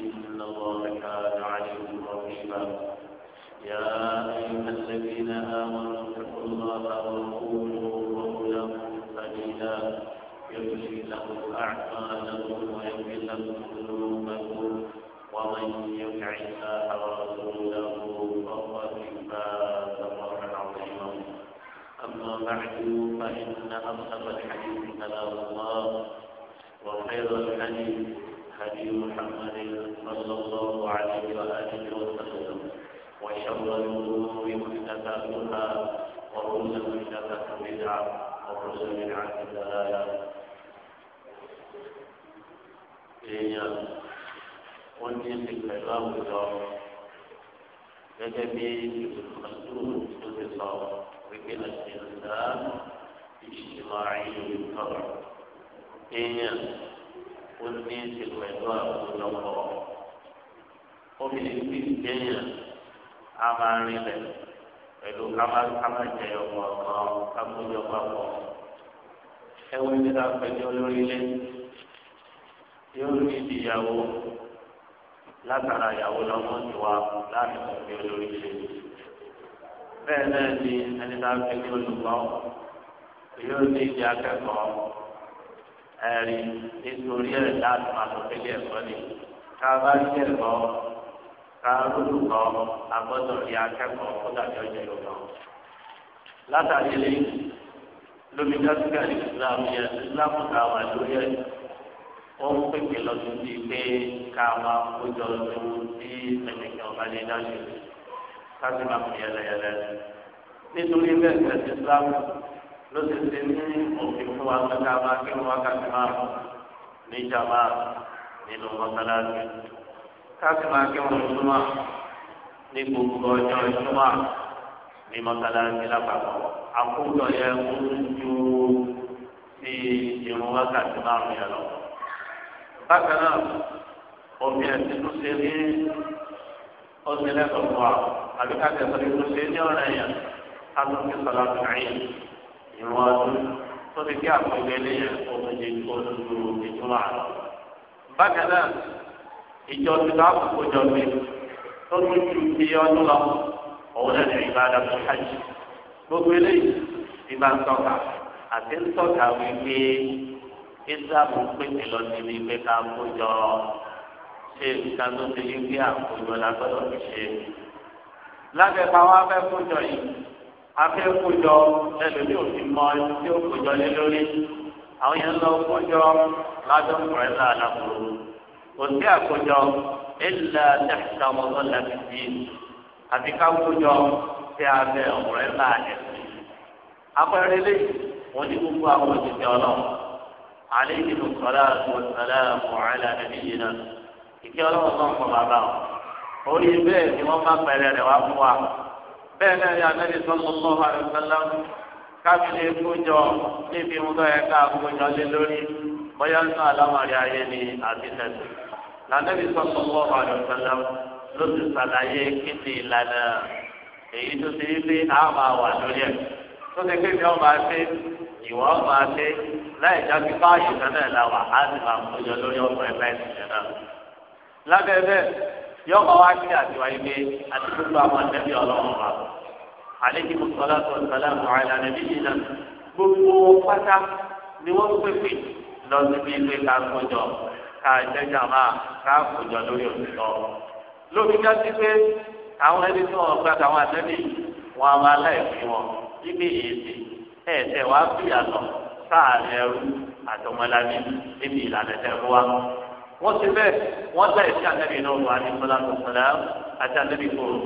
إن الله كان عليكم رقيبا يا أيها الذين آمنوا اتقوا الله وقولوا قولا سديدا يغفر لكم أعمالكم ويغفر لكم ذنوبكم ومن يطع الله ورسوله فقد فاز فوزا عظيما أما بعد فإن أصدق الحديث كلام الله وخير الحديث هدي محمد صلى الله عليه وآله وسلم وشر الأمور محدثاتها وكل محدثة بدعة وكل بدعة ضلالة èèyàn ó ní ti pẹ̀lú àwùjọ gẹ́gẹ́ bí ìlú tó ti sọ wípé lẹ́sìn ìlú ìṣìṣẹ́ máa ń yí ìtọ́rọ̀ èèyàn. ó ní ṣe pẹ̀lú àkójọpọ̀ obìnrin tí ń jẹyàn á máa rinlẹ̀ pẹ̀lú kámájẹ ọmọ kan kákójọpọ̀ pọ̀ ẹwọ́n ní ká pẹ̀lú olórílẹ̀ yóò rí ìyàwó látara ìyàwó lọ́mọ ìwà láti pẹ̀lú olórílẹ̀ bẹ́ẹ̀ náà ni ẹni tá a pẹ̀lú olùkọ́ yóò ní ìdí akẹ́kọ̀ọ́ ẹ̀rí nítorí ẹ̀ láti máa lọ sí ilé ẹ̀kọ́ ni ká bá sí ẹ̀kọ́ ká lólùkọ́ agbọ́dọ̀ rí akẹ́kọ̀ọ́ kó dàbí ọjọ́ ìlú látàrí ilé lómi dásíkà ní islam yẹn islam ká wà lórí ẹ̀ ó ń pèpè lọ sí ti pé ká máa kójọ lóhun tí ẹnìkan ọba lè dáṣe ká sì máa fi yẹlẹyẹlẹ nítorí bẹ́ẹ̀ tẹ̀sí islam ló ti ṣe ní òfin fún wa pé ká máa kírun wákàtí márùn níjà máa nínú mọ́sálásí ká sì máa kírun ìjùmọ̀ ní gbogbo ọjọ́ ìjùmọ̀ ní mọ́sálásí lápapọ̀ àkójọ yẹ kó ju sí irun wákàtí márùn yẹn lọ. bákan náà òfin ẹ̀sìn tó ṣe ní ọ̀sẹ̀ lẹ́kọ̀ọ́ fún wa àbíká tẹ̀sán tó ṣe ní ọ̀rẹ́ yẹn ká tó fi sọ̀rọ̀ àtúnyẹ̀yìn ìwọ̀n ọdún tó ti kí àpèjẹ eléyẹn kó tó ṣe kó tó lu ìtura. bákan náà ìjọ ti bá kókó jọ pé tó ti ju iye ọdún lọ òun náà ní ìbára tó hajj gbogbo eléyìí ti máa ń tọ́ka àti ń tọ́ka wípé ìsìlámù pèsè lọ sí ní pé ká kójọ ṣe nǹkan ti yí pé àkójọ la fi ṣe. lábẹ́ pa wá fẹ́ kójọ yìí afẹ́kùjọ ẹlòmíì ò fi mọ ẹni tí ó kùjọ lé lórí àwọn yẹn lọ kójọ ládùúgbòrẹ́ lánàá kúrò kò sí àkójọ ẹ̀là dẹ́kítà ọmọdé làbìtì àti kákójọ tí a bẹ ọ̀rẹ́ lánàá lé wọn ní gbogbo àwọn òṣìṣẹ́ ọlọ́run àlejò lùkọ́lá àtúntàlá mọ̀ọ́lá ẹ̀díyìn náà ìkẹ́ ọlọ́run náà kọ́ bàbá wọn orí bẹ́ẹ̀ ni wọ́n bá pẹ̀rẹ̀ rẹ̀ wá fún wa bẹ́ẹ̀ náà yà lẹ́bi sallallahu alaihi wasallam kábílẹ̀ kójọ níbi ńlọ yẹ ká kójọ lé lórí bóyá ń sọ àlámọ̀rí ayé ni àti tẹ̀sí. lànàbí sallallahu alaihi wasallam ló ti sàlàyé kíni ìlànà èyí tó ti rí àmà wà lórí ẹ̀. tó ti kéde ọmọ àti ìwọ ọmọ àti láì jáde báyìí kan náà làwà á sì máa kójọ lórí ọmọ ẹ̀ láì yọ ọmọ wa kí àtiwá ibi àti gbogbo àwọn àtẹ́bí ọlọ́run wa àlejò mùsùlùmá tó ń sọlá àwọn ìlànà bí yìí náà gbogbo pátá ni wọ́n pèpè lọ síbi ìgbé ká kójọ ká ìjẹ́jà máa ká kójọ lórí òṣìṣọ́ lóbi ká sí pé àwọn ẹni tí wọ́n gbàgbà àwọn àtẹ́bí wọn a máa láìpẹ́ wọn ibi èsì ẹ̀ẹ́dẹ̀ wàá fìyà lọ sáà ẹrú àtọmọlábí níbi ìlànà tẹ̀ wọ́n ti bẹ́ẹ̀ wọ́n dá ìṣe ànábì náà wà ní sọ́láàtù sọ́láàm àti ànábì kòrò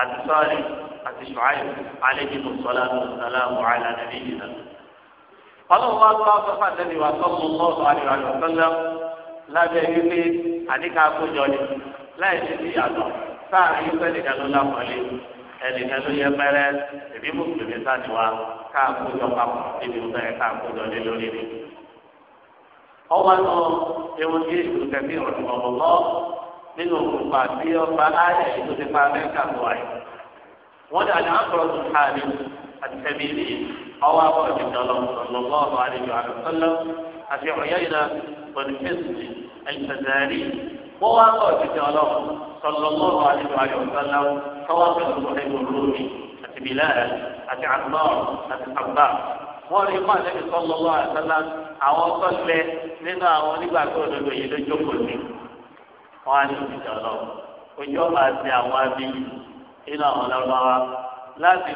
àti sọ́ọ̀lì àti ṣùáì àlejò tó sọ́láàtù sọ́láàmù àlà ànábì yìí náà. ọlọ́run wá tó wáá wa sọ́kùn lọ́ọ̀tù àdìrànà sọ́lá lábẹ́ wípé àdíkà àkójọ ni láì ṣe sí ìyàtọ̀ sáàrin ìfẹ́ nìkan ló lápọ̀lé ẹnìkan ló yẹ ọwọ́ tó ewu tí èso tẹ̀lé ọ̀dùn ọ̀lọ́ nínú òkùnfà tí ọba ayé èso ti pa mẹ́ta tó ayé. wọ́n dà ní akọ̀rọ̀ tó ká ní àtẹ̀mílì ọwọ́ àbọ̀ ìdọ̀lọ́ ọ̀lọ́lọ́ àlejò àlùfẹ́lẹ́ àti ọ̀yẹ́yìnà pọ̀lùfẹ́sì ẹ̀ǹtẹ̀tẹ̀rì wọ́n wá bọ̀ ìdọ̀lọ́ ọ̀lọ́lọ́ àlejò wọ́n rí mọ́ àlẹ́bí sọ́lọ́lọ́ àtàlà àwọn sọ́lẹ̀ nínú àwọn onígbàgbọ́ òdodo yìí ló jókòó sí wọ́n á ní ìjọ lọ ojú ọba àti àwọn abiyì nínú àwọn lọ́wọ́ láti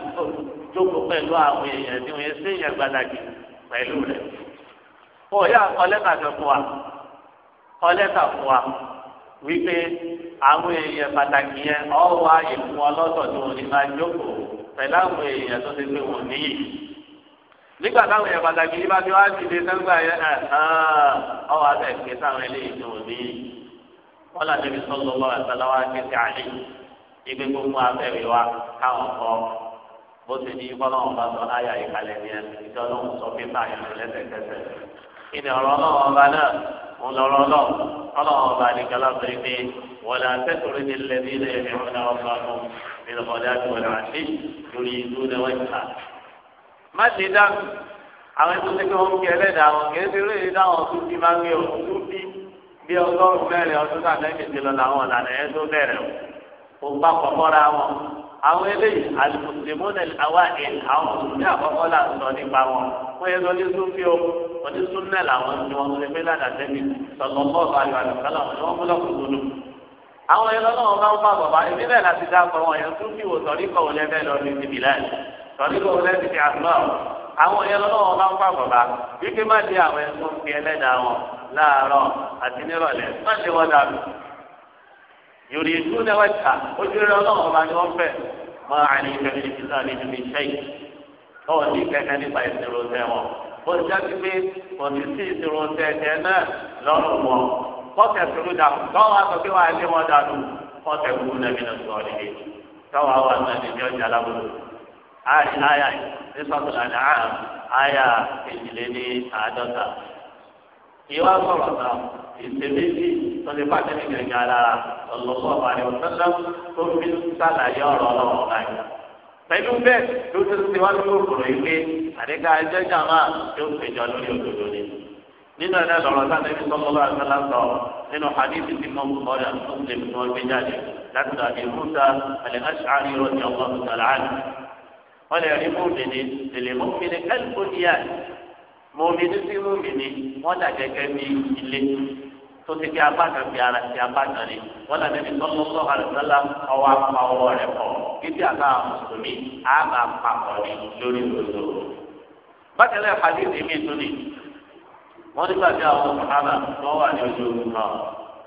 jókòó pẹ̀lú àwọn èèyàn tí wọ́n ṣe èèyàn gbàdàgì pẹ̀lú rẹ̀. ó yà kọ́lẹ́tà kan fún wa kọ́lẹ́tà fún wa wípé àwọn èèyàn pàtàkì yẹn ọ̀wọ́ àyè fún ọlọ́tọ̀ tó ní máa jókòó pẹ̀lú àwọn èèyàn tó ti gbé wọn níyì nígbà táwọn èèyàn pàtàkì yìí bá ti wá dìde sẹ́gbà yẹn ẹ̀ ọwọ́ abẹ́ ìpè sáwọn eléyìí tó ní wọn là níbi sọ́dọ̀ lọ́wọ́ ẹ̀sọ́láwá ké sí àlè ibi gbogbo abẹ́rẹ́ wa káwọn kọ́ bó ti ní bọ́lọ́wọ́ bá sọ láyà ìkàlẹ̀ yẹn ìjọ́lọ́wọ́ sọ pípa ìlú lẹ́sẹ̀kẹsẹ̀ ìní ọ̀rọ̀ ọlọ́wọ́ ọba náà ń lọ́rọ́ ọlọ́wọ́ ọba nìkan lọ́sọ̀ ìpè ولا تطرد الذين يدعون ربهم بالغداة والعشي يريدون وجهه má lè dá mi àwọn ètò sẹ́kẹ̀ wọn kí ẹlẹ́dàá wọn kì í ṣe lóye dáhùn ọdún bí máa ń gbé ọdún tó bí bí ọgọ́rùn-ún mẹ́rin ọdún náà lẹ́yìn lọ làwọn ọ̀làdà yẹn tó bẹ̀rẹ̀ o gbà kọ́kọ́ra wọn àwọn eléyìí alùpùpùpùmọ́nà àwa ẹ̀ àwọn mùsùlùmí àkọ́kọ́ là ń sọ nípa wọn wọ́n yẹ lọ́lé sófì o ọdún súnmẹ́ làwọn ti wọn lè fẹ́ ládàá sẹ́mi sọ̀tọ̀ bọ́ọ̀lù ayọ̀ àlùkálà wọn ni wọ́n mú lọ́kùnrin àwọn yẹn lọ́wọ́ bá ń bá bàbá ìbílẹ̀ láti dá pọ̀ wọn yẹn tún fi wò sọ̀rí kọ̀ wọlé bẹ́ẹ̀ lọ ní ti bìláì sọ̀rọ̀ òun lẹ́sìn ti àgbà ọ̀ àwọn yẹn lọ́wọ́ máa ń pàgọ́ bá wípé má di àwọn ẹni tó ń fi ẹlẹ́dàá wọn láàárọ̀ àti nírọ̀lẹ́ má ṣe wọ́n dànù. yorì ìlú lẹ́wọ̀ ta ojú rẹ̀ ọlọ́wọ́ bá ní wọ́n fẹ́ máa àní ìfẹ́mi ní sísá ní ibi iṣẹ́ ọ̀ ní kẹ́kẹ́ nípa ìṣirò tẹ wọn. ó jáde pé kò ní sí ìṣirò tẹ náà lọ́rùn wọn. kọ́kẹ́ àyà nípasẹ̀ àná àyà èjìlẹ̀ ní àádọ́ta. ìwà sọ̀rọ̀ náà ìṣèlérí lórí pàtẹ́lì gẹ̀gẹ́ alára ọ̀lọ́sọ̀ àbàlẹ̀ ọ̀sánná tó fi ń sàlàyé ọ̀rọ̀ ọlọ́wọ́ báyìí. pẹ̀lú bẹ́ẹ̀ ló ti ti wá lórí òkòrò yìí àdéka ẹjọ́ jàmá yóò péjọ lórí òdòdó ni. nínú ẹ̀dá lọ́rọ̀ sáté fi sọ́kọ́ bá sọ nínú hadith ti mọ́ bọ́ọ̀dà tó lè fi wọ́n gbé jáde láti wọ́n lè rí mọ́mìnì lèlè mọ́mìnì kẹ́lifó díà mọ́mìnì sí mọ́mìnì wọ́n dà gẹ́gẹ́ bí ilé tó ti kí abákan bí ara sí abákan ni wọ́n dà níbi tọ́lọ́tọ́ àlùfẹ́lá ọwọ́ apá ọwọ́ rẹ̀ pọ̀ títí àbá mùsùlùmí àbá papọ̀ ni lórí lòlò. bákẹ́lẹ́ hadithi mi tún ni wọ́n nígbà tí àwọn sàhábà tó wà ní ojú ọ̀gbìn náà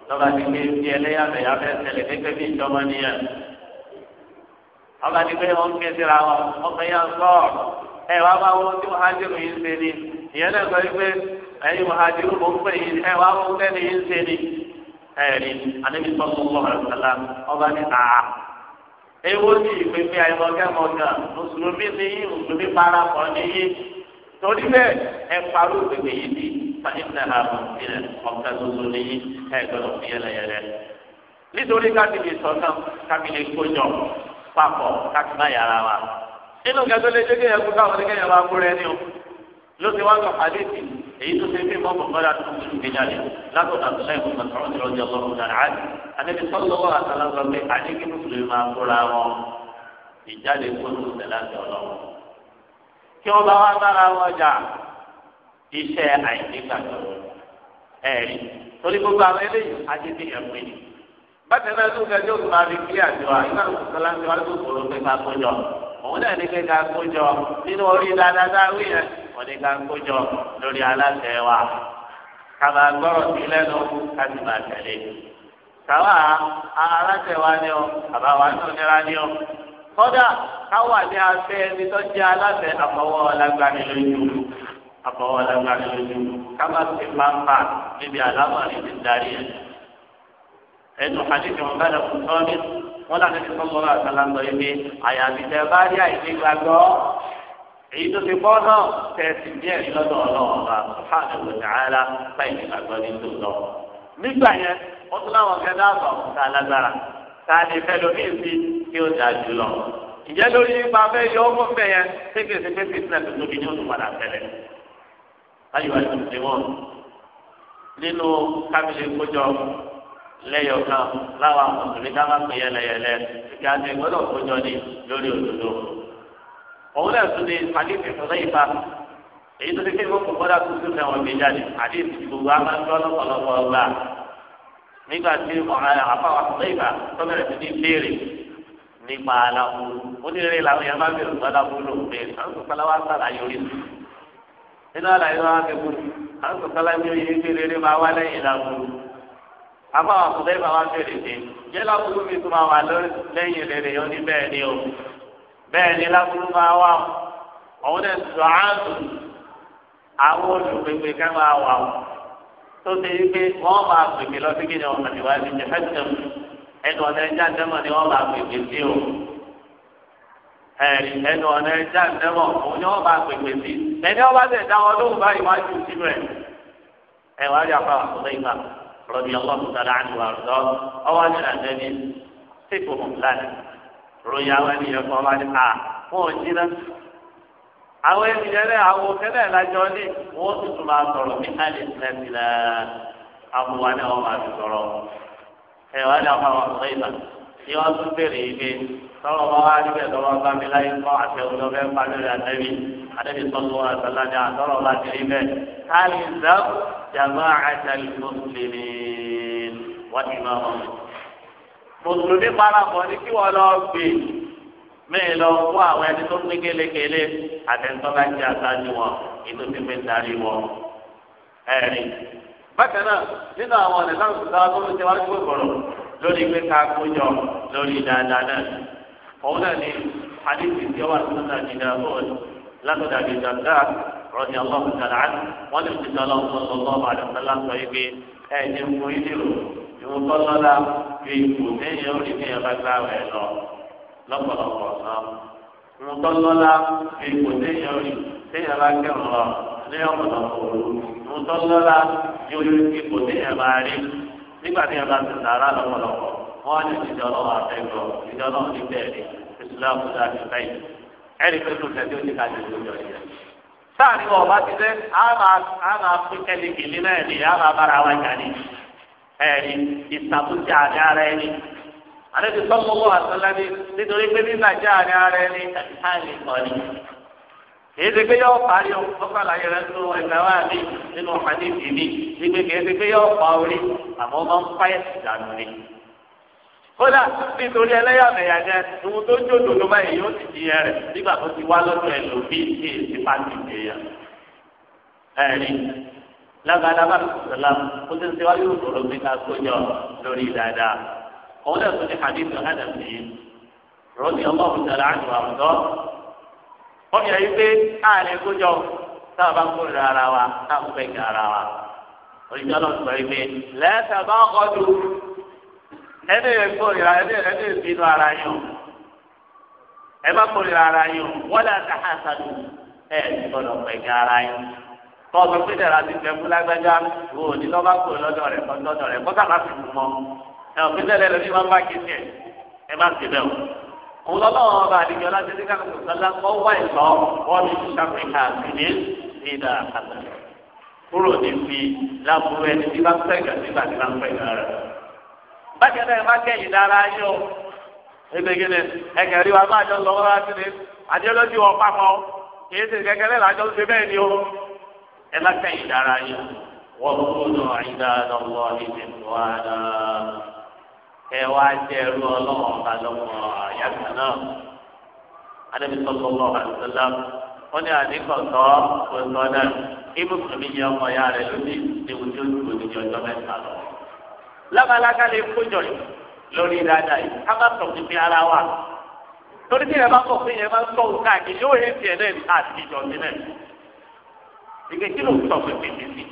lọ́ba ti gbé bí ẹlẹ́yàmẹ̀yà fẹ́ tẹ̀lé gẹ́gẹ́ bí ìjọba nìyẹn ọba ní pé wọn ké síra wọn ọkàn yẹn sọ ẹ wàá bá wọn tí muhajiru yìí ń ṣe ni ìyẹn náà sọ wípé ẹyin muhajiru kò ń pè yín ẹ wàá wọn tẹ́lẹ̀ yìí ń ṣe ni ẹ̀rí anábì sọ fún wọn àlùfàlà ọba ní àá ewo ní ìpèpè àìmọ̀kẹ́mọ̀kẹ́ mùsùlùmí ní yín mùsùlùmí parapọ̀ ní yín torí bẹ́ẹ̀ ẹ parú ìpèpè yìí ní fàyínà àbùn ìrẹ̀ ọ̀kẹ́ tuntun ní yín ẹ gbọ́dọ̀ fi yẹlẹyẹlẹ nítorí kábìlì sọ̀tàn kábìlì kójọ papọ̀ káàkiri máa yàrá wa nínú gẹ́gẹ́ lé dégé yẹn kú káwọn dégé yẹn máa kú rẹ ní o ló ti wá ń kọ̀ọ̀kan létí èyí tó ṣe fíìmù ọkọ̀ mọ́ra tó kú ìgbé jáde látọ̀dọ̀ àtúnṣe ìfún mọ̀tọ́rọ̀ ní ọjọ́ ọlọ́run náà àti àdébí sọ́lọ́wọ́ àtàlásọ pé àdébí mùsùlùmí máa kóra wọn ìjáde kóso tẹ̀lé àti ọlọ́run. kí wọ́n bá wá bára wọn jà iṣẹ́ àìnígbàgbọ́ ẹ̀rí torí gbogbo àwọn eléyìí bákan náà tó kẹjọ tó máa fi kílẹ̀ àjọ àyíká òkúta ti wá tó sọ̀rọ̀ pé ká kójọ òun náà ní pé ká kójọ nínú orí dáadáa wí yẹn wọ́n ní ká kójọ lórí aláṣẹ wa ká máa gbọ́rọ̀ sí lẹ́nu ká sì máa tẹ̀lé kàwá aláṣẹ wa ni ọ bàbá wa tó nira ni ọ kódà káwà ní afẹ́ ẹni tó jẹ́ aláṣẹ àfọwọ́ ọlágbani lójú àfọwọ́ ọlágbani lójú ká má sì níbi àlámọ̀ ẹnu àdéhùn ọ̀gá rẹ̀ kò tọ́ ní wọn láti fi sọ́kọ́ rà kálá ń lọ ibi àyàfi tẹ bá rí àìsí gbàgbọ́ èyí tó ti bọ́ náà tẹ̀sí díẹ̀ lọ́dọ̀ ọlọ́ọ̀gá sùhánù wòtàálà báyìí gbàgbọ́ ní tòótọ́ nígbà yẹn wọ́n tún láwọn kẹ́dá àbọ̀ tá a lágbára tá a lè fẹ́ lómi ìsí kí ó dáa jù lọ ìjẹ́ lórí ipa fẹ́ yọ ọkọ̀ fẹ́ yẹn ṣégeṣe lẹ́yọ̀kan láwa mùsùlùmí ká má pè yẹlẹyẹlẹ kíkà ní gbọ́dọ̀ kójọ ní lórí òdodo. òun náà tún ní hadithi fún lẹ́yìn bá èyí tó ti ké gbogbo gbọ́dọ̀ tó tún fẹ́ wọn gbé jáde hadithi gbogbo àwọn ẹgbẹ́ ọlọ́pọ̀lọpọ̀ gbà nígbà tí àfàwọn lẹ́yìn bá tó bẹ̀rẹ̀ sí ní béèrè nípa aláwo onírèrè làwọn yẹn máa ń bẹ̀rù gbọ́dọ̀ wúlò pé àwọn tó kọ́lá wá sàlàyé orí nínú àlàyé wọn á fẹ́ kú àwọn tó kọ́lá ń àbá àwọn àkùdé bá wá bèrè dé jẹ́ lábúrú mi tó máa wà lẹ́yìn rere yọ ní bẹ́ẹ̀ ni o bẹ́ẹ̀ ni lábúrú máa wà òun náà sọ àádùn àwọn olùgbègbè ká máa wà o tó ṣe yí pé wọ́n máa gbègbè lọ sí kíni ọmọ ìwádìí jẹ́ fẹ́ tẹ̀mù ẹnu ọ̀nà ẹja dẹ́mọ̀ ni wọ́n máa gbègbè sí o ẹ̀rí ẹnu ọ̀nà ẹja dẹ́mọ̀ òun ni wọ́n máa gbègbè sí ẹni ọba tẹ̀ dáwọ́ lóhùn báyìí wájú sínú ẹ̀ ẹ̀ wá rí afárá رضي الله تعالى عنه وارضاه أولا الذي صفهم لنا رؤيا ولي يقول آه موجدا àwọn ènìyàn rẹ àwọn òkèlè lájọ ní wọn sì tún máa sọ̀rọ̀ ní alìsílẹsílẹ àbúwá náà wọn máa fi sọ̀rọ̀ ẹ wá ní àwọn àwọn ọ̀sẹ̀ ìbàdàn ni wọn tún béèrè yìí pé tọrọ bá wá níbẹ̀ tọrọ bá mi láyé kọ́ àti ọjọ́ bẹ́ẹ̀ pàdé rẹ̀ àtẹ́bí àtẹ́bí sọ́kọ́ àtàlà ni àtọ́rọ̀ bá ti rí bẹ́ẹ̀ káàlì zab jàmbá àtàlì mùsùlùmí wọ́n ti máa mọ̀. mùsùlùmí parapọ̀ ní kí wọ́n lọ gbé mẹ́ẹ̀ lọ fún àwọn ẹni tó pín kélekèlé àtẹ̀ńtọ́ bá jẹ́ àtàjù wọn ètò tí fi ń darí wọn. ẹ̀rí bákan náà nínú àwọn ọ̀nà lórí pé ká kójọ lórí dáadáa náà òun náà ni hadithi tí ó wà nínú náà ní ìdáhùn látọ̀dà àbíjàdá rọ̀dì ọlọ́run tàlá wọ́n lè ti dọ́lọ́ ọ̀sọ̀lọ́ àdàmọ́lá sọ ibi ẹ̀ẹ́dì ń fún ìdìrò ìwọ̀n tó lọ́la ju ipò mẹ́yìn orí ní ẹ̀rọ gbá rẹ̀ lọ lọ́pọ̀lọpọ̀ sàn. ìwọ̀n tó lọ́la ipò mẹ́yìn orí ní ẹ̀rọ kẹrùn lọ ní ọ̀pọ̀lọpọ̀ òru ìwọ̀n tó lọ́la ju ipò mẹ́yìn ẹ̀rọ nígbà tí yẹn bá ti sàrà lọ́pọ̀lọpọ̀ wọ́n á ní ìjọ ọlọ́wọ́ àfẹ́gbọ́ ìjọ ọlọ́wọ́ ní bẹ́ẹ̀ ni ìsìláàmù dá ní báyìí ẹ̀rí pé kùsẹ̀ tí ó ti kájú lójọ yẹn. sáàni wọn bá ti dé á máa pín kẹ́líkìlì náà ní á máa bára wa jà ní ẹ̀rí ìsàkúnjà ní ara ẹni. àlejò sọ́kọ́ àtọ́lá ní nítorí pé nígbà já ní ara ẹni kìí ṣe pé yọ parí o lọ́kàn láyé rẹ tó ẹgbẹ́ wa ní nínú hadith mi wípé kìí ṣe pé yọ pa orí àmọ́ máa ń fáyẹ̀ ìdànù ni. kódà nítorí ẹlẹ́yàmẹ̀yà jẹ ohun tó jó dòdò báyìí yóò ti di ẹrẹ̀ nígbà tó ti wá lọ́dọ̀ ẹ̀ lò bí kí èsì bá ti dè yà. ẹ̀rín lágbàdá bá sọ̀lá ó ti ń ṣe wáyé òṣòro mi ká sójọ lórí dáadáa. òun náà tún ní hadith wọ́n yẹ wípé káàlẹ́ kójọ táwọn bá ń kó ìrora ara wa táwọn fẹ́ gba ara wa oníjọ́ náà sọ wípé lẹ́sà bá ọdún ẹni yẹn kó ìrora ẹni yẹn bínú ara yín ẹ bá kó ìrora ara yín wọ́n lè ta àṣàdù ẹ̀ ẹ̀ gbọ́dọ̀ fẹ́ gba ara yín tọ́ ọ̀sán pé dẹ̀ra ti fẹ́ fún lágbájá wo ní lọ́ bá lọ́dọ̀ rẹ̀ lọ́dọ̀ rẹ̀ kọ́ sábà fi mú mọ́ ẹ̀ ọ̀pẹ́ tẹ́lẹ̀ lọ́ òun lọ́lọ́wọ́ ọba àdìgbò láti ní káàkiri sọ́lá kọ́ wá ìtọ́ wọ́n ní sàfihàn àgbèdè ìdá àkàtà kúrò ní láburú ẹni tí bá ń pẹ́ gà nígbà tí bá ń pẹ́ gà rẹ̀. bákẹ́ náà má kẹ́yìn dára yó wa máa jọ lọ wọ́n láti ní wọn kìí ẹ wá jẹ ẹrú ọlọ́wọ́ ọba lọ́wọ́ àyàgbà náà adébí sọ́kọ́ ọlọ́wọ́ àdúgbò wọ́n ní àdínkọ̀tọ́ ọ̀tọ́ náà ibùsùn mi yẹ ọmọ ya rẹ̀ lónìí ní ojú ìgbò ní ọjọ́ mẹ́ta lọ. lábalága lè kójọ lórí dáadáa yìí ká má sọ fún mi ara wa torí tí ìyẹn bá kọ̀ fún ìyẹn bá ń tọ́ òun káàkiri yóò yẹ tiẹ̀ náà àti ìjọ mi náà. ìgbésí ló ń sọ fún mi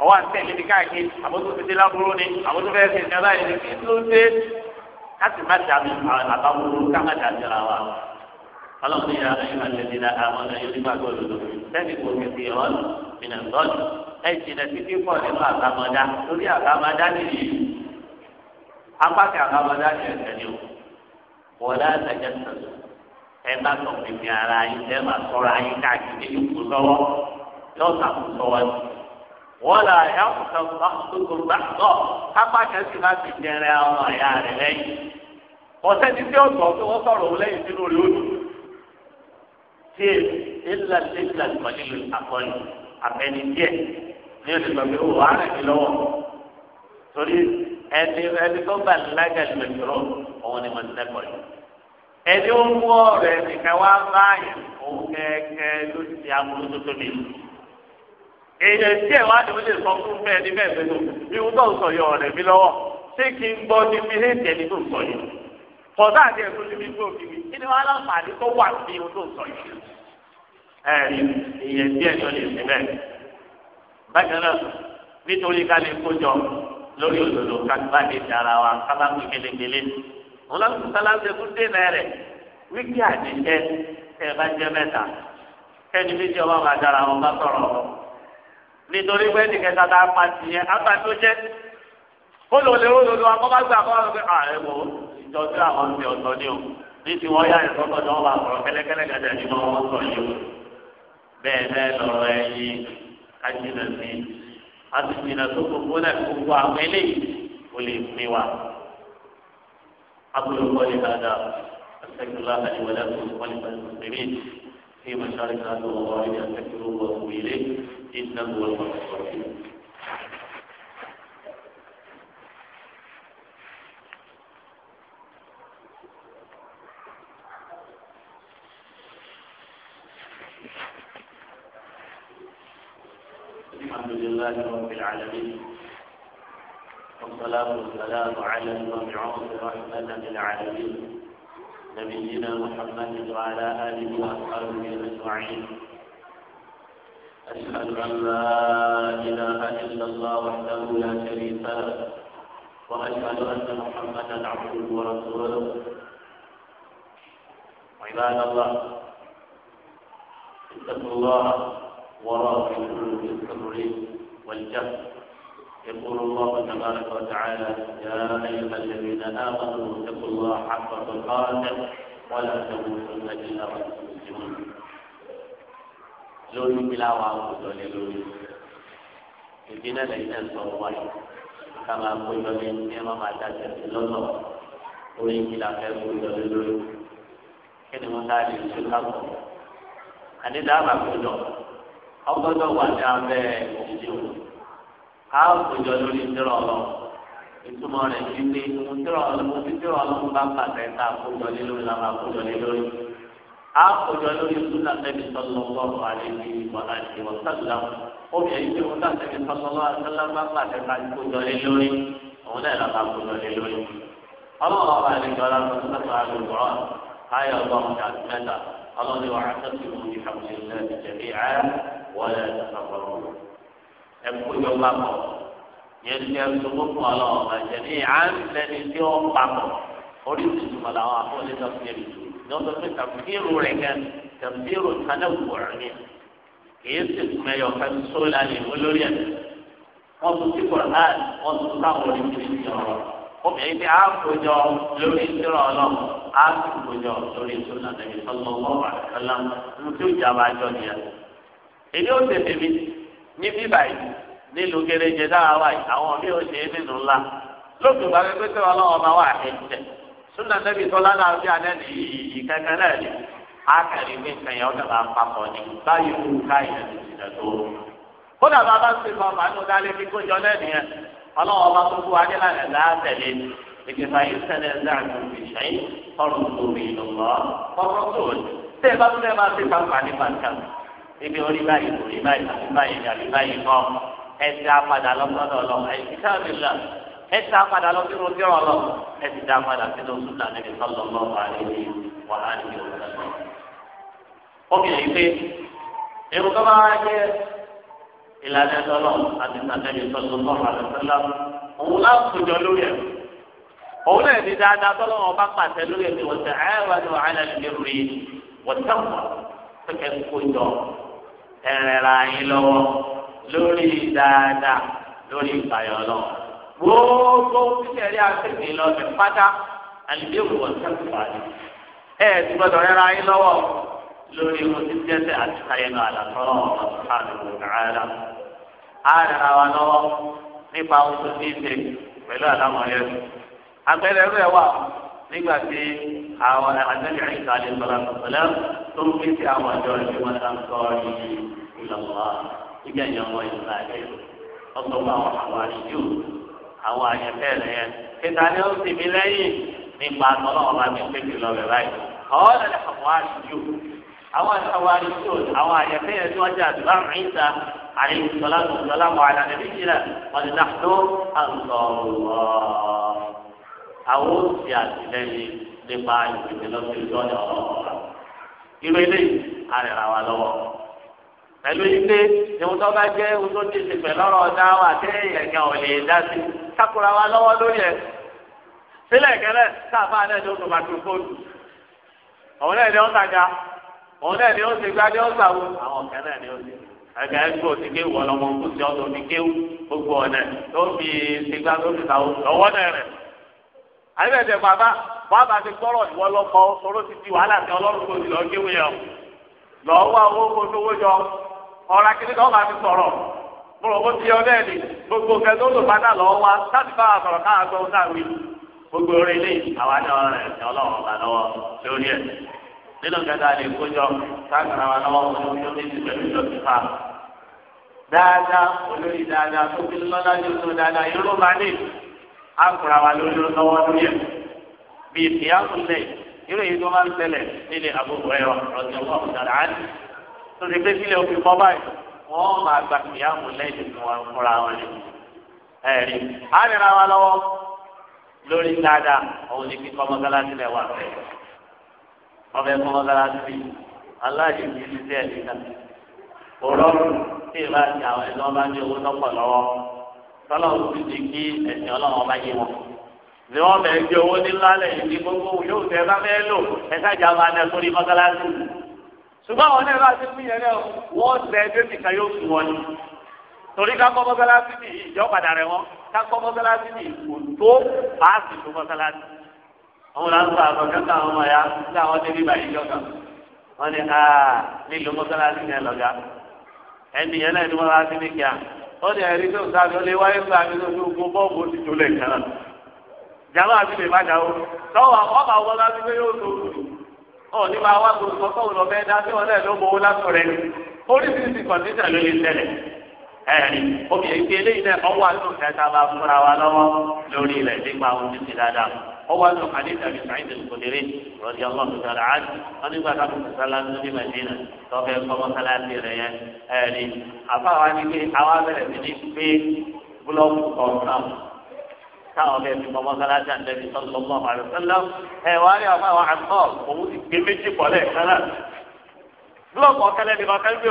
ọwọ́ àti ẹ̀mí káàkiri àbótó ti dé lábúrò ni àbótó fẹ́ẹ́ fi ìjọba yìí kí ló dé láti má dàbí àbáwòrán ká má dàbí ara wa. ọlọ́run yìí ara yìí máa tẹ̀lé náà àwọn ọ̀nà yìí nígbà tó lòdò sẹ́ni kò ní fi ọ̀hún mìíràn lọ́dún ẹ̀ jìnà sí kíkọ́ nínú àbámọ́dá lórí àbámọ́dá nìyí apákẹ́ àbámọ́dá ni ẹ̀sẹ̀ ni o wọ̀dà ẹ̀sẹ̀ ẹ bá tọ̀ pínpín ara yín ẹ bá sọ̀rọ̀ ayé káàkiri yòókù lọ́wọ́ yọ̀ọ̀ta kò wọ́n là yà kùtà lọ́kùnkùn gbàgbọ́ kápá kẹ́sì bá ti jẹrẹ àwọn àyà rẹ̀ lẹ́yìn. ọ̀sẹ̀ ti dé ọ̀tọ̀ tí wọ́n sọ̀rọ̀ òun lẹ́yìn sínú rẹ̀ òdu. tí ìlà ìlà ìmọ̀lẹ́lẹ̀ àkọni àbẹni díẹ̀ ní oṣù gbàgbé òwò àrẹ̀ mi lọ́wọ́. torí ẹni ẹni tó bá lága ìmọ̀lẹ́rọ̀ òun ni mo ti yìí. ẹni ó ń wọ́ ọ̀rẹ́ nìkan wá báyìí òun kẹ́kẹ́ èèyàn tí ẹ wá ní o lè sọ fún bẹ́ẹ̀ ní bẹ́ẹ̀ pẹ̀lú irun tó ń sọ yọ ọ̀rẹ́ mi lọ́wọ́ ṣé kí n gbọ́ ní fi hẹ́ẹ̀tì ẹni tó sọ yìí àti ní kí ni aláǹfààní tó wà sí tó sọ yìí. èèyàn tí sí bákan náà nítorí ká lè kójọ lórí òdòdó kágbá lè wa kábà pé wọn lọ fún rẹ nítorí pé ẹnì kẹta tá a pa tìyẹn apá tó jẹ ó lò lè ròdòdò akọ́bàgbà akọ́bàgbà pé à ẹ wò ó ìjọsí àwọn ti ọ̀sán ni o ní ti wọ́n yá ìsọ́tọ̀ ni wọ́n bá sọ̀rọ̀ kẹ́lẹ́kẹ́lẹ́ gàdá ni wọ́n sọ yìí o bẹ́ẹ̀ bẹ́ẹ̀ lọ́rọ̀ ẹyin kájínà sí àtìjìnà tó gbogbo náà gbogbo àwọn eléyìí kò lè pín wa. abúlé kọ́lé dáadáa àti ẹgbẹ́ في هذا الأرض أن تكتبوا وأتوب إليه إنه هو الغفور الحمد لله رب العالمين والصلاة والسلام على المبعوث رحمة للعالمين نبينا محمد وعلى آله وأصحابه أجمعين أشهد أن لا إله إلا الله وحده لا شريك له وأشهد أن محمدا عبده ورسوله عباد الله اتقوا الله وراء القلوب والجهل يقول الله تبارك وتعالى يا أيها الذين آمنوا اتقوا الله حق تقاته ولا تموتن إلا وأنتم مسلمون lórí bílá wa kò dọ̀lẹ́ lórí ìdílé lẹ́yìn náà sọ wáyé ká máa kó ìdọ̀lẹ́ ní ẹ má máa dájọ́ sí lọ́nà orí bílá fẹ́ kó ìdọ̀lẹ́ lórí kí ni mo dá lè ṣe kápọ̀ àdídá àbàkùdọ̀ ọgbọ́dọ̀ wà ní abẹ́ òṣìṣẹ́ òṣìṣẹ́ àwùjọ lórí tìrọ ọlọ ìtumọ̀ rẹ̀ ti pé mo tìrọ ọlọ mo ti tìrọ ọlọ mo bá pàṣẹ ká àkójọ lé lórí làwọn àkójọ lé lórí àkójọ lórí súnà tẹbi sọlọ bọọlù àlejò ìwà àti ìwà sàlám obìnrin tí wọn tàbí sọlọ bọọlù bá pàṣẹ ká àkójọ lé lórí òun náà làwọn àkójọ lé lórí ọlọ́wọ́ ọba àlejò alákòóso náà sọ̀rọ̀ àlùkò rọ̀ ayọ̀ ọgbọ̀n àti mẹ́ta ọlọ́ni wàhálà tó ti mú ìhàmùlẹ̀ ẹ̀kú yọ papọ̀ yẹn ti ẹ̀sùn gbogbo ọlọ́wọ́ bàjẹ́ ní àńlẹ́ni tí ó papọ̀ oríṣiríṣi ìtumọ̀ làwọn àfọ̀lẹ́ tàbíyẹ̀rì ní wọ́n fẹ́ tàbíyẹ̀rù rẹ̀ gan tàbíyẹ̀rù tàdéwù ọ̀rẹ́ kìí sì tún ẹyọ fẹ́ sólà ní olórí ẹ̀ wọ́n tún ti kọ̀ náà wọ́n tún táwọn oríṣiríṣi ọ̀rọ̀ obìnrin tí a kojọ lórí ìṣirò ọlọ́run a sì kojọ lórí ìṣirò nàbẹ̀bí sọ́lọ́wọ́ àkàlà ní tí ó jà bá jọ nìyẹn. èdè ó tètè mi ní bíbà yìí nílùú kéréje dára wà yìí àwọn bí ó ṣe é nínú ńlá lóòtù bá pépé tí wọn lọ́wọ́ bá wà ẹ̀jẹ̀ súnà nẹ́bí sọlá náà bí alẹ́ ní ìkẹ́kẹ́ náà ni akẹ́rì mi kẹyìn ọ̀dà bá papọ̀ ní báyìí kú káyọ̀ ní ìjìnlẹ̀ tó kódà bá bá ṣe fọ màánù dálé bí kó jọ lẹ́nu yẹn ọlọ́wọ́ bá tó kú adé lànà láàtẹ̀lé ìgbésà yìí sẹ́lẹ̀ ebi orí báyìí kò rí báyìí àbí báyìí àbí báyìí kọ́ ẹsẹ̀ apàdà lọ́sọ̀dọ̀ lọ ẹ̀sìn káàbí là ẹsẹ̀ apàdà lọ sínú tíọ̀rọ̀ lọ ẹsẹ̀ dá apàdà sínú sùdà níbi sọ́lọ̀ lọ àlejò wà á níbi òkúta lọ. ó yìí pé èrò tó máa ń jẹ́ ìlànà ẹ̀sọ́ lọ àti sàtẹ́bí sọ́lọ̀ lọ àlùsọ́lá òun láà lórí ẹ̀ òun náà ní dáadáa tọ́lọ́ ẹrẹ̀ra yín lọ́wọ́ lórí dáadáa lórí ìfàyọ̀ lọ. gbogbo títẹ̀rí àtẹ̀mí lọ́sẹ̀ pátá àlùbí òwò sẹ́kùfà ni. ẹ ẹ ti gbọdọ̀ rẹ́ra yín lọ́wọ́ lórí ohun tí jẹ́sẹ̀ àti ayẹnu àlàtọ́rọ̀ ọ̀sánù rárá. a wa lọ́wọ́ nípa ohun tó ní í ṣe pẹ̀lú àlámọ̀lẹ́rù. àgbẹ̀rẹ̀ rẹ̀ wà nígbà tí àwọn àdáni àyíká lè sọ̀rọ̀ àtọ̀sọ̀lá tó ń pèsè àwọn àjọ ìlú wọn náà sọ ní ìlọ́wọ́ nígbà yẹn ọmọ ìlú àgbẹ̀ ọ̀sọ̀ fún àwọn àwọn àṣìjú àwọn àyẹ̀fẹ́ rẹ̀ yẹn kíta ni ó sì mí lẹ́yìn nípa ọlọ́wọ́ bá mi pèsè lọ́wọ́ báyìí ọ̀ọ́ lẹ́lẹ́ àwọn àṣìjú àwọn àwọn àṣìjú àwọn àyẹ̀fẹ́ yẹn tí wọ́n jẹ́ àdúrà ìta àyè àwọn òsì àtìlẹ́yìn nípa ìpèsè lọ sí ìjọ ọjà ọlọ́pàá irú eléyìí arẹ̀ra wa lọ́wọ́ pẹ̀lú ilé ìwọ̀n tó bá jẹ́ ohun tó ti ṣe pẹ̀lú ọ̀rọ̀ ọ̀dá wa tí ẹ̀yàn ò lè dá sí kákúra wa lọ́wọ́ lórí ẹ̀ sílẹ̀ kẹlẹ̀ sáfà náà ló tó microphone òun náà ni ó tajà òun náà ni ó ti gbá ni ó sàwó àwọn ọ̀kẹ́ náà ni ó ti ẹ̀kẹ́ ẹ̀kọ́ ti kéwù ọlọ́mọ kùsì ọ̀dọ́ ni kéwù gbogbo ọ̀nà tó fi ti gbá tó fi sàwó lọ́wọ́ náà rẹ̀. àyẹ̀bẹ̀tẹ̀ bàbá bàbá ti gbọ́rọ̀ ìwọ lọ́kọ ti di wàhálà tí ọlọ́run kò sì lọ gé wúyẹ o lọ wá owó kó jọ ọ̀rọ̀ akíní kan bá ti sọ̀rọ̀ mo rò ó ti yọ bẹ́ẹ̀ ni gbogbo kẹtó ló padà lọ wá láti bá wa sọ̀rọ̀ káà gbọ́ gbogbo orí ilé àwa ní ọ̀rọ̀ ọlọ́run lọ́wọ́ lórí ẹ̀ nínú kẹta lè kójọ àkùrà wa lórí lọ́wọ́ lórí ẹ̀ bíi ìyáàkùn lẹ̀ irú èyí tó máa ń tẹ̀lẹ̀ nílé àbúrò ẹ̀ ọ̀rọ̀dì ọlọ́run dàrá á ní. tó ti pé sílẹ̀ òfin kọ́ báyìí wọ́n máa gba ìyáàkùn lẹ́yìn fún wọn fúnra wọn ni. ẹ̀rí á nira wa lọ́wọ́ lórí dáadáa òun ni kíkọ́ mọ́sálásí lẹ̀ wà fẹ́. ọbẹ̀ kọ́ mọ́sálásí aláàjì kì í ṣiṣẹ́ ẹ̀ tọ́lọ́run ti di kí ẹ̀sìn ọlọ́run ọba yé wọn. ni wọ́n bẹ̀rẹ̀ gbé owó nílá lẹ́yìn ní gbogbo yóò tẹ́ bá fẹ́ lò ẹ sájà máa nẹ sórí mọ́sálásí. ṣùgbọ́n àwọn náà bá ti fún yẹn náà wọ́n tẹ bébì kan yóò fún wọn ni. torí ká kọ́ mọ́sálásí ni ìjọ padà rẹ̀ wọ́n ká kọ́ mọ́sálásí ni kò tó paasi tó mọ́sálásí. àwọn làǹtà àwọn kẹta àwọn ọmọ ya tí ó ní ẹ̀rí tó sáà ló lé wáyé fún àmì tó gbogbo bọ́ọ̀bù ti tó lẹ̀ kan jàmbá àti lè má jáwó tọ́wọ́ ọba wọn bá ti gbé yóò tó kù ọ ní máa wá gbogbo kọ́kọ́ òun lọ dá sí wọn náà ló oríṣiríṣi kọ̀ǹtínà ló lè tẹ̀lẹ̀ ẹ̀rí obìnrin pé eléyìí náà ọwọ́ àlọ́ kẹta bá fúnra wa lọ́wọ́ lórí ilẹ̀ nípa ohun títí dáadáa ọwọ́ àlọ́ àdéhùn àbí sàyìn ìdòkòdèrè rọ̀dí ọlọ́run sọ̀rọ̀ àti wọn nígbà tá a kò sọ̀rọ̀ ní ní mẹ́tìrì tọ́fẹ́ kọ́mọ́sálásí rẹ̀ yẹn ẹ̀rí àfáwa ni pé àwa bẹ̀rẹ̀ sí ní pé búlọ́ọ̀kù kọ̀ọ̀kan táwọn bẹ́ẹ̀ fi mọ́mọ́sálásí àtẹ̀bí sọ́lọ́mọ́ àlùfẹ́lá ẹ̀ wá rí àfáwa àtọ́ òun ti gbé méjì pọ̀ lẹ́ẹ̀kan náà ni kọ̀ọ̀kan gbé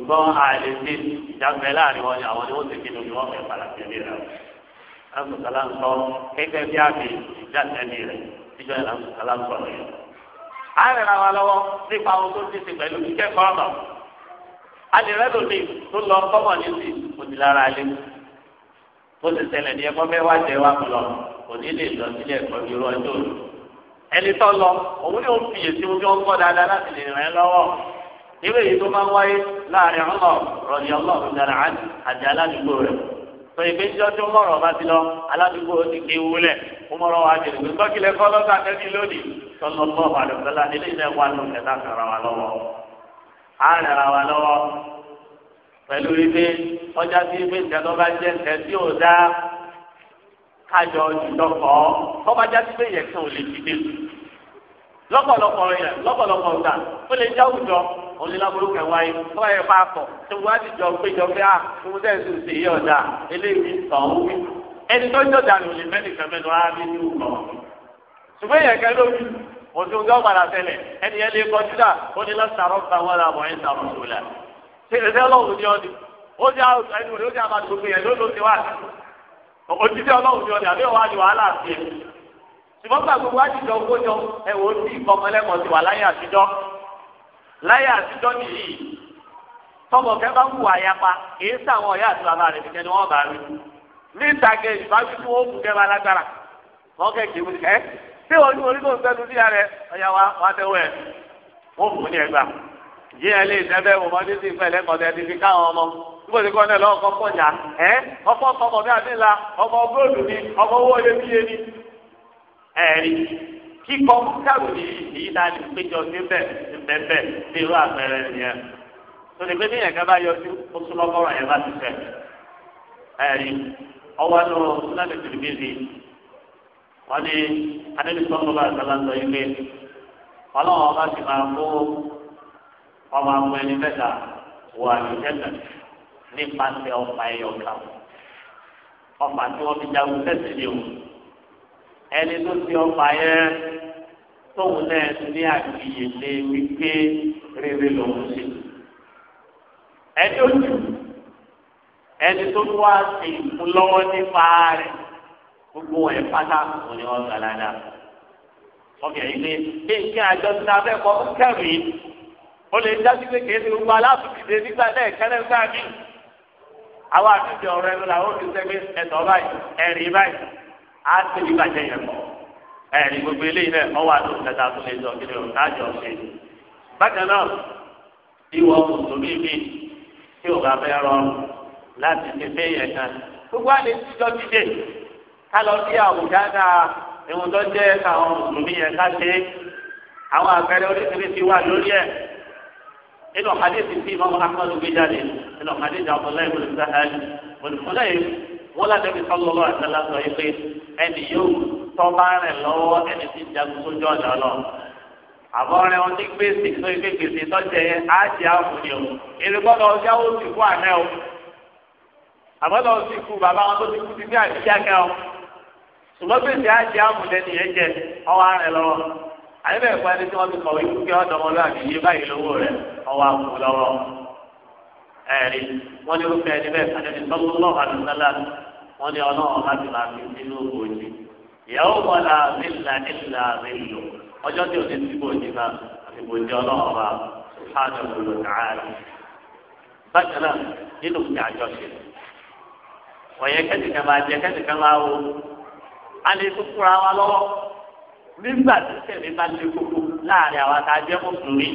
ṣùgbọ́n àlè sí ìjàgbẹ́ láàrin wọn ni àwọn ni wọ́n ti kí lórí wọn fẹ́ padà sí ilé rẹ̀ amusala ń sọ kékeré bí àmì ìjàgbẹ́ni rẹ̀ ìjọ yẹn amusala ń sọ rẹ̀. a rẹ̀ ra wa lọ́wọ́ nípa ohun tó ti ṣe pẹ̀lú kíkẹ́kọ̀ọ́ ọ̀nà alẹ́rẹ́ lòdì tó lọ kọ́mọ̀ ní sí òdìlára alẹ́ tó ti ṣẹlẹ̀ ní ẹ̀kọ́ mẹ́wàá jẹ́ wa lọ òní lè lọ sílẹ̀ ẹ̀kọ́ irú ọjọ́ òní ẹni tó lọ òun ni ó fi èsì ojú ọgbọ́n dáadáa láti lè ràn ẹ́ lọ́wọ́ ìwé yìí tó máa ń wáyé láàrin ọmọ rọ̀lì ọlọ́run dára án àti aládùúgbò rẹ̀ sọ ọjọ́ bá ti lọ aládùúgbò ti wúlẹ̀ wa ló kẹta wa lọ́wọ́ rẹ̀ra wa lọ́wọ́ pẹ̀lú ọjà tí jẹ́ tí ò dá kájọ lọ́pọ̀lọpọ̀ onílàbúrú kẹwàá yìí tó yẹ fà kọ tó wá ti jọ péjọ pé à fún bẹ́ẹ̀ tó ṣe yí ọ̀dà eléyìí tàn ó wí. ẹni tó ń jọ̀dà ló lè mẹ́nìkan mẹ́nu á ní ní ìlú ṣùgbọ́n ìyẹn kẹ́ ló wí òtún gbọ́ padà tẹ́lẹ̀ ẹni yẹn lè kọjúdà ó ní lọ́sàrọ̀ fún àwọn àbọ̀ ẹ̀ sàrọ̀ tó lẹ̀. ṣe ìrẹsẹ́ ọlọ́run ni ọ́ ni ó ti ẹnu rẹ̀ ó ti àbàtì gbogbo yẹn ló ló ti wá ṣùgbọ́n gbàgbọ́ wájú jọ kó ẹ̀wọ̀n ó ìfọmọlẹ́kọ̀ọ́ ti wà láyé àtijọ́ láyé àtijọ́ nìyí tọmọ fẹ́ bá wù àyàpá kìí sàwọn ọ̀yà àti bàbá rẹ̀ nìkan ni wọ́n bá rí ní ìtàgé ìbáwí fún ó kùn lágbára wọ́n kẹ́kẹ́ wí ẹ́ tí wọ́n ní orí tó ń fẹ́nu síyà rẹ̀ ọ̀yà wa wá tẹ́wọ́ ẹ̀ wọ́n ní ẹgbà yí ẹ lè tẹ́fẹ́ wò mọ́tí sí ìfẹ́ lẹ́kọ̀ọ́dẹ́ ti fi káwọn ọmọ níbo ti kọ́ lọ́wọ́ kọ́ pọ̀jà kíkọ káwé yìí náà lè péjọ níbẹ̀ níbẹ̀ bí irú àpẹẹrẹ nìyẹn tòlè pé níyẹn ká bá yọjú ó súnmọ́ kọ́rọ̀ yẹn bá ti fẹ́ ẹ̀rí ọwọ́ ló lọ́dẹ tìrìbìrì wọ́n ní adébísọ́ tó bá ìgbàlá ń lọ ilé ọlọ́wọ́ ọba ti máa kó ọmọ àwọn ẹni mẹ́ta wọ àyùjẹ́ta nípasẹ̀ ọ̀pá ẹ̀yọ̀ kan ọ̀pá tí wọ́n fi jáwé tẹ̀sí ni o ẹni tó ti ọgbà yẹn tóun náà ti ní àgbìyèlé wípé rere lòun ṣe ẹni ó jù ẹni tó tó wá sí ìfúnlọ́wọ́ nípa rẹ̀ gbogbo ẹ̀ pátá kò ní ọgbà dáadáa ọbẹ̀ yìí lé bí nǹkan àjọ ti náà fẹ́ kọ́ kẹ́rù yìí ó lè dájú pé kìí ṣe gbogbo aláàfíìdè nígbà náà kẹ́rẹ́ gbà mí àwọn àtúntì ọ̀rọ̀ ẹnu làwọn ò ti sẹ́gbẹ́ ẹ̀tọ́ báyìí ẹ̀rí báyìí á ti rí bàjẹ́ yẹn pọ̀ ẹ̀rí gbogbo eléyìí náà ọwọ́ àti òkúta tó lè jọ kíni òun láàjọ ṣe. bákan náà ìwọ mùsùlùmí mi tí ò bá fẹ́ rọrùn láti fi fẹ́ yẹn kan gbogbo àlè tíjọ́ dídè ká lọ sí àwùjá náà ìwọ̀n tó jẹ́ káwọn mùsùlùmí yẹn ká ṣe àwọn àpẹẹrẹ oríṣiríṣi wà lórí ẹ̀ nínú hadith tí imam ahmed gbé jáde nínú hadith abdullahi bin wọ́n lànàbí sọ́lọ́lọ́ àtàlà sọ yìí pé ẹnì yóò tọ́ba rẹ̀ lọ́wọ́ ẹni tí jagun sójú ọ̀nà lọ. àbọ̀rẹ́ wọn ti gbé sìnkú ìgbé gbèsè tọ́jẹ́ yẹn á jẹ́ àwòrán o èrè gbọ́dọ̀ ọjà ó sì kú àná o àbọ̀dọ̀ ó sì kú bàbá wọn tó ti kú ti bí àbíjáká o ṣùgbọ́n gbèsè á jẹ́ àwòrán ẹni yẹn jẹ ọwọ́ rẹ̀ lọ́wọ́ àyẹ̀bẹ̀ ìpàdé tí wọ́n ti kọ̀wé ẹ̀rí wọ́n ní orúkọ ẹni bẹ́ẹ̀ àdébí sọ́kúnlọ́ àdúgbò wọ́n ní ọlọ́run láti máa fi sínú òjì ìyàwó mọ́lá nílà nílà nílò ọjọ́ tí o ti sí bòjì náà àti bòjì ọlọ́run bá sùpáàdé òkúlò tààrà. bákan náà nínú ti àjọṣe wọ̀nyẹ kẹ́sìkan máa jẹ kẹ́sìkan máa wo a lè tó wa lọ́wọ́ nígbà tí sẹ́mi bá lé koko láàrin àwọn àtàjẹ́ mùsùlùmí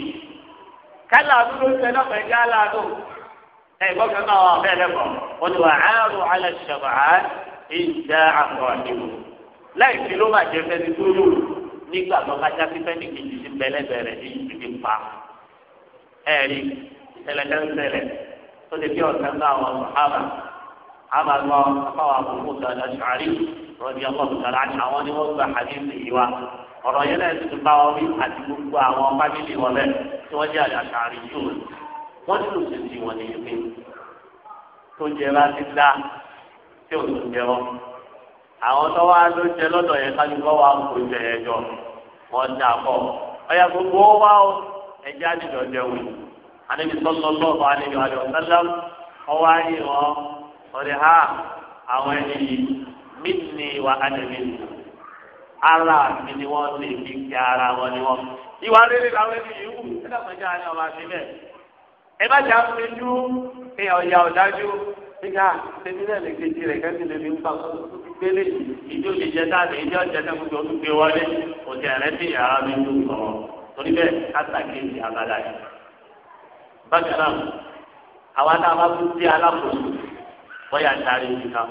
kálá dúró sẹ́dọ̀fẹ́ gálá dùn ẹ gbọ́ kan náà wọn bẹ́ẹ̀ lẹ́kọ̀ọ́ wọn ni wà á rò alẹ́ ṣẹ̀bà á ìjà àkọ́ ìlú láì fi ló máa jẹ fẹ́ni tó lò nígbà tó bá jáde fẹ́ni kejì sí bẹ́lẹ́bẹ̀rẹ̀ ní ìdílé pa ẹ̀rí tẹlẹtẹlẹ tó ti fi ọ̀sẹ̀ náà wọn sàhábà àbá lọ fáwọn àbúkù sọ̀rọ̀ rọ̀bì ọlọ́run sọ̀rọ̀ àti àwọn ni wọ́n gba àdéhùn yìí wa ọ̀rọ̀ yẹn náà ti bá wọn wí àti gbogbo àwọn fámìlì wọn bẹ́ẹ̀ tí wọ́n jẹ́ àṣàrí yìí wọ́n ti lòsì sí wọn ní ibi tó jẹ bá ti dá tí ò tún jẹ wọn. àwọn tó wá ló jẹ lọ́dọ̀ yẹn kálukọ́ wa kò jẹ ẹ wọ́n dà pọ̀ ọ̀yà gbogbo wa o ẹja nìjọ jẹun àníbi sọ́sọ́ lọ́ọ̀bù àníbi àlẹ́ ọ̀sánlám ọwọ́ ayé wọn ọ̀rẹ́ ha àwọn ẹni yìí mí ni wà á nẹ̀mí ara mi ni wọn lè fi kí ara wọn ni wọn. ìwà rere làwọn ẹni yìí wù ẹ ẹ bá jà ń fẹjú èèyàn ọ̀yà ọ̀dájú nígbà tẹ̀mí náà lè kejì rẹ̀ kẹ́sì lè fi ń pa gbélé ìjọ lè jẹ dáadé ìjọ jẹ náà gbogbo ọdún gbé wọlé kò tẹ̀ rẹ́ sí yàrá mi ló ń kọ̀ torí bẹ́ẹ̀ kátàkéjì abala yìí. bákan náà àwa tá a bá tún sí alákòóso bóyá darí ojú kan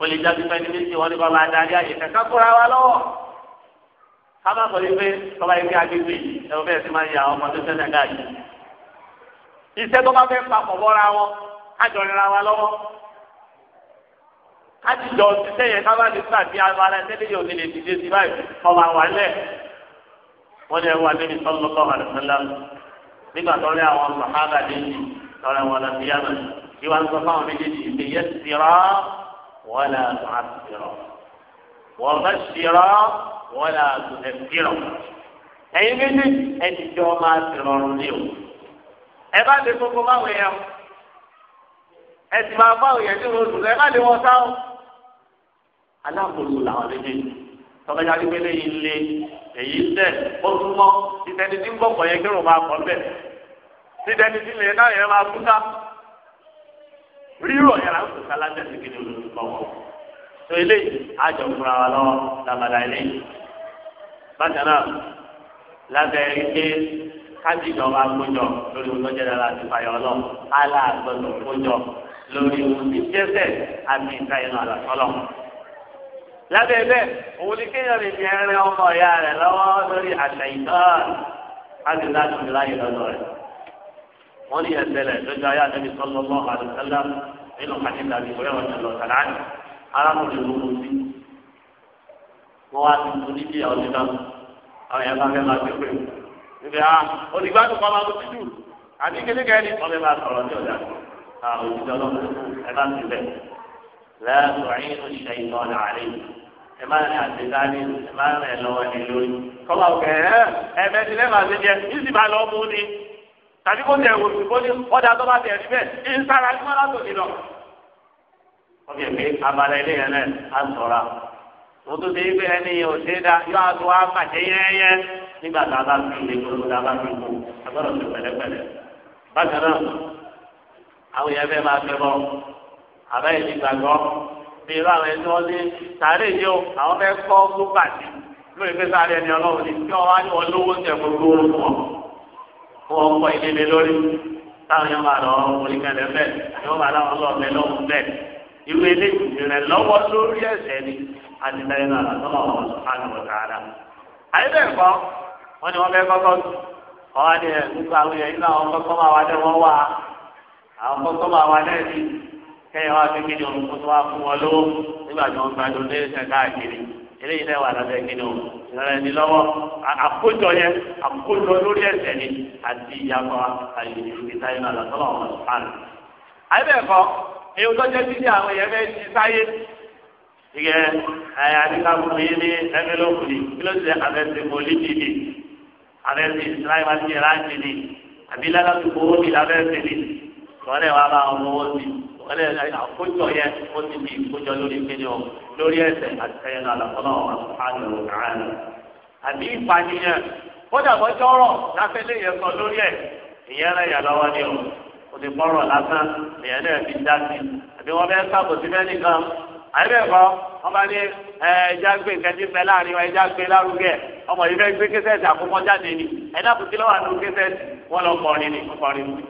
ó lè jáde pé ní méjì wọn ní bá máa darí àyè kankan kóra wa lọ́wọ́ ká má sọ wípé bàbá yìí kí agbègbè ẹ̀rọ bẹ́ẹ̀ sì máa ń ya ọmọ tó fẹ́ iṣẹ́ tó bá fẹ́ papọ̀ bọ́ra wọn kájọ rira wa lọ́wọ́ kájíjọ ṣiṣẹ́ yẹn kábàá ní sísà bí abala tẹ́lẹ̀ yóò lè dìde sí báyìí ọba wà lẹ̀ wọ́n lè wà níbi sọ́lọ́lọ́ àdìsọ́lá nígbà tó rí àwọn sàhábà déjì lọ́rẹ́ wọn lọ sí yàrá kí wọ́n sọ fáwọn méjèèjì ìpè yẹ sira wọ́n là á sira wọ́n bá sira wọ́n là á sira ẹ̀yin méjèèjì ẹ̀ ẹ bá lè gbogbo báwọn èèyàn ẹ sì máa báwọn èèyàn tí wọn lù ẹ bá lè wọn sáwọn. aláàbòlù làwọn méjèèjì tọ́lá yá ní pélé yìí lé èyí tẹ̀ ó súnmọ́ ìtẹ́ni tí ń gbọ̀pọ̀ yẹn kí ló máa kọ́ bẹ́ẹ̀ títẹ́ni tí lè náà yẹn máa kú sá rírọ̀ yàrá ń sọ̀tà láti ẹ̀sìn kí ni olùkọ́ wọn. tó ilé àjọ fúnra wa lọ làbàdà ilé bákan náà lábẹ́ ike kájí lọ́wọ́ agbójọ lórí ohun tó jẹ́ dára àti fàyọ̀ lọ ala àgbọ̀dọ̀ kójọ lórí ohun tí jẹ́sẹ̀ àti ìtayẹnu àlàkọ́lọ̀. lábẹ́ bẹ́ẹ̀ òun ni kéèyàn lè fi ẹrin ọmọ ìyá rẹ̀ lọ́wọ́ lórí àtẹ̀yìntàn láti láti fi láyé lọ́dọ̀ rẹ̀. wọ́n ní ẹ̀sẹ̀lẹ̀ lójú ayé àtẹ̀bí sọ́lọ́mọ́ àdùsálà nínú kàdínkàdín ìwúrẹ́ wọn ti ibi a olùgbàdùn kọ́ máa lọ sí jù àti kékeré ni wọ́n fẹ́ máa sọ̀rọ̀ ní ọ̀dà àwọn òṣìṣẹ́ ọlọ́run ẹ bá ti bẹ̀ lẹ́yìn ọ̀rìn oṣìṣẹ́ ìtọ́ làárẹ̀ ẹ máa rìn àti dání ẹ máa rìn lọ́wọ́ ní lórí kọ́mọ kẹ́ ẹ ẹ̀fẹ́ ti lẹ́ẹ̀ma ṣe jẹ ìsì máa lọ mú ni tàbí kó tẹ̀ wò ó ní ọ̀dà tó bá tẹ̀ ẹ̀ níbẹ̀ ìsara ni wọ́n látò nílọ. ti gbé ẹni nígbà tá a bá fi ilé gbogbo tá a bá fi kú a gbọ́dọ̀ fi pẹ̀lẹ́pẹ̀lẹ́. bákan náà àwọn èèyàn fẹ́ máa fẹ́ bọ́ àbáyé ti gbàgbọ́ bí irú àwọn ẹni wọn ní sàárè yìí o àwọn fẹ́ kọ́ gbúgbà sí lórí pé sáré ẹni ọlọ́run ní kí wọ́n wá ní wọn lówó ń gbogbo wọn fún wọn wọn kọ́ ilé mi lórí táwọn yẹn máa lọ orí kan lẹ́fẹ̀ ni wọ́n máa láwọn lọ ọ̀bẹ lọ́wọ́ bẹ́ẹ̀ ìwé ilé ìrànlọ́wọ́ lórí ẹ̀sẹ̀ ni àti lẹ́yìn náà lọ́wọ́ àwọn ọ̀sán àgbọ̀tà ara. àyẹ̀bẹ̀ kan wọ́n ní wọ́n fẹ́ kọ́kọ́ ọ̀wá ni ẹ̀ gbogbo àwọn èèyàn nínú àwọn kọ́kọ́ máa wá dẹ́ wọ́n wá àwọn kọ́kọ́ máa wá dẹ́ ní kẹ́yìn wá fi kíni òun kó tó wá fún wọn lówó nígbà tí wọ́n gbàdúró lé ẹsẹ̀ káàkiri eléyìí náà wà lábẹ́ kíni òun ìrẹ̀lẹ̀ ní lọ́wọ́ àkójọ yẹn àkójọ lórí ẹsẹ̀ ni àti ìyàtọ̀ àyèjì ìtayọ̀ náà lọ́tọ́lọ́ wọn fún mi ní ẹgbẹ́ lókùnrin kí ló ti àfẹ́sẹ̀ mọ́lídìí abẹ́sẹ̀ ìsìláyìmá ti yẹra ń tẹ̀lé àbí lálàtú owó mi lábẹ́ tẹ̀lé wọ́n lè wá bá wọn owó sí wọ́n lè àkójọ yẹn ó ti di ìkójọ lórí kéde o lórí ẹsẹ̀ àti ẹ̀yẹn àlàkọ́lọ́ àlọ́ àlọ́ àbí ìpànìyàn kódà bọ́jọ́rọ̀ láfẹ́lẹ́ yẹn sọ lórí ẹ̀ ìyẹn rẹ̀ yà lọ́wọ́ ni o kò ti bọ́rọ̀ lásán èèyàn náà fi dá sí àbí wọ́n bẹ́ẹ̀ sábò sí bẹ́ẹ̀ nìkan àyẹ̀bẹ̀ kọ́ wọ́n bá ní ẹja gbé nǹkan láàrin wa ẹja gbé ọmọ yìí fẹ́ gbé kẹsẹ̀tì àkọ́kọ́ jáde ni ẹ̀dá kùtì lọ́wọ́ àdó kẹsẹ̀tì wọn lọ kọrin ni kọrin ni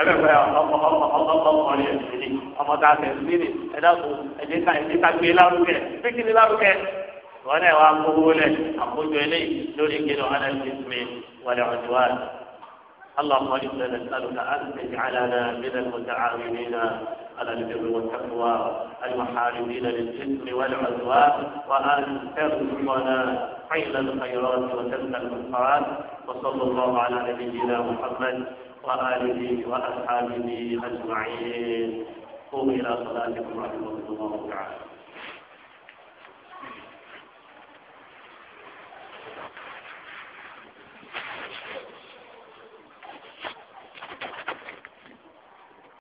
ẹgbẹ́ ọkọ̀ọ̀kọ̀ọ̀kọ̀ọ̀kọ̀rin ni ọmọ tá a fẹ́ sí ni ẹ̀dá kù ẹ̀jẹ̀ ká ẹ̀jẹ̀ ká gbé lárugẹ gbé kí ni lárugẹ wọn náà wà gbogbo lẹ àkójọ eléyìí lórí kí اللهم إنا نسألك أن تجعلنا من المتعاونين على البر والتقوى المحاربين للجسم والعدوان وأن ترزقنا فعل الخيرات وترك المنكرات وصلى الله على نبينا محمد وآله وأصحابه أجمعين قوموا إلى صلاتكم رحمكم الله تعالى